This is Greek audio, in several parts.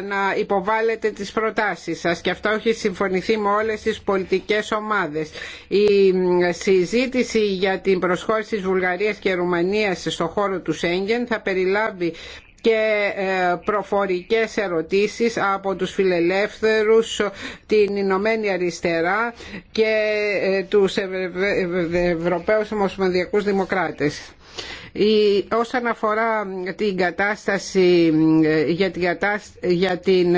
να υποβάλλετε τις προτάσεις σας και αυτό έχει συμφωνηθεί με όλες τις πολιτικές ομάδες. Η συζήτηση για την προσχώρηση της Βουλγαρίας και Ρουμανίας στο χώρο του Σέγγεν θα περιλάβει και ε, προφορικές ερωτήσεις από τους φιλελεύθερους, την Ηνωμένη Αριστερά και ε, τους Ευρωπαίους Ομοσπονδιακούς Δημοκράτες. Όσον αφορά την κατάσταση ε, για την, για την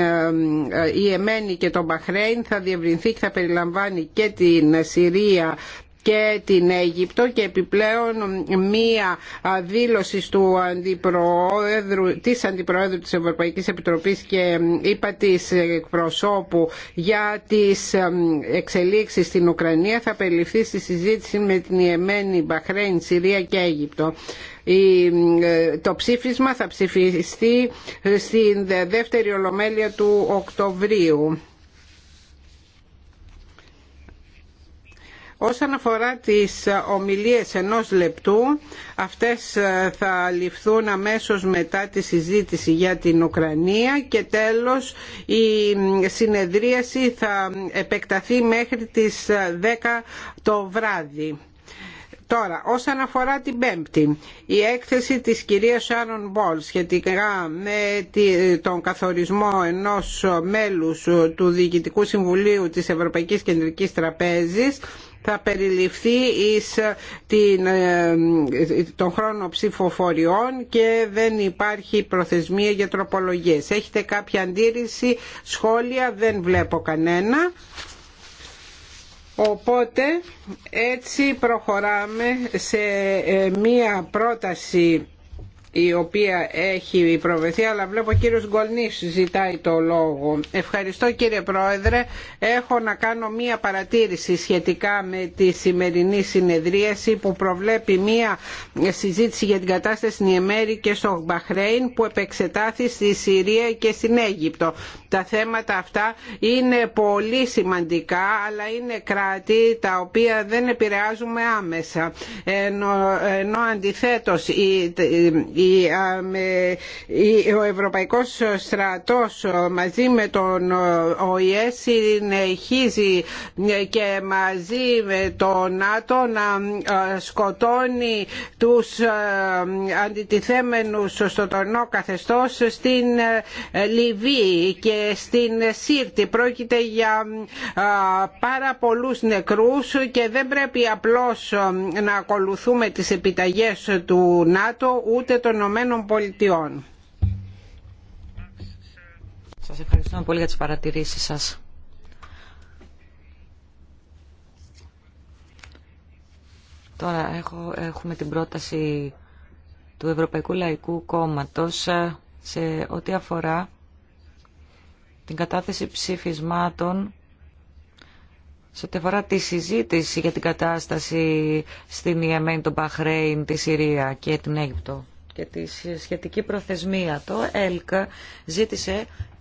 Ιεμένη ε, ε, και τον Μπαχρέιν θα διευρυνθεί και θα περιλαμβάνει και την Συρία και την Αίγυπτο και επιπλέον μία δήλωση του αντιπροέδρου, της Αντιπροέδρου της Ευρωπαϊκής Επιτροπής και είπα της προσώπου για τις εξελίξεις στην Ουκρανία θα περιληφθεί στη συζήτηση με την Ιεμένη, Μπαχρέιν, Συρία και Αίγυπτο ε, το ψήφισμα θα ψηφιστεί στην δεύτερη ολομέλεια του Οκτωβρίου. Όσον αφορά τις ομιλίες ενός λεπτού, αυτές ε, θα ληφθούν αμέσως μετά τη συζήτηση για την Ουκρανία και τέλος η συνεδρίαση θα επεκταθεί μέχρι τις 10 ε, το βράδυ. Τώρα, όσον αφορά την Πέμπτη, η έκθεση της κυρίας Σάρον Μπολ σχετικά με τον καθορισμό ενός μέλους του Διοικητικού Συμβουλίου της Ευρωπαϊκής Κεντρικής Τραπέζης θα περιληφθεί εις ε, ε, τον χρόνο ψηφοφοριών και δεν υπάρχει προθεσμία για τροπολογίες. Έχετε κάποια αντίρρηση, σχόλια, δεν βλέπω κανένα. Οπότε έτσι προχωράμε σε ε, μία πρόταση η οποία έχει προβεθεί αλλά βλέπω ο κύριος Γκολνής ζητάει το λόγο. Ευχαριστώ κύριε Πρόεδρε. Έχω να κάνω μία παρατήρηση σχετικά με τη σημερινή συνεδρίαση που προβλέπει μία συζήτηση για την κατάσταση στην Ιεμέρη και στο Μπαχρέιν που επεξετάθη στη Συρία και στην Αίγυπτο. Τα θέματα αυτά είναι πολύ σημαντικά αλλά είναι κράτη τα οποία δεν επηρεάζουμε άμεσα. Ενώ, ενώ ο Ευρωπαϊκός στρατός μαζί με τον ΟΗΕ συνεχίζει και μαζί με το ΝΑΤΟ να ε, σκοτώνει τους ε, αντιτιθέμενους στο τονό καθεστώς στην ε, Λιβύη και στην Σύρτη. Πρόκειται για πάρα πολλούς νεκρούς και δεν πρέπει απλώς να ακολουθούμε τις επιταγές του ΝΑΤΟ ούτε των Ηνωμένων Πολιτειών. Σας ευχαριστώ πολύ για τις παρατηρήσεις σας. Τώρα έχω, έχουμε την πρόταση του Ευρωπαϊκού Λαϊκού Κόμματος ε, σε ό,τι αφορά την κατάθεση ψηφισμάτων σε ό,τι αφορά τη συζήτηση για την κατάσταση στην Ιεμένη, τον Παχρέιν, τη Συρία και την Αίγυπτο και τη σχετική προθεσμία. Το ΕΛΚΑ ζήτησε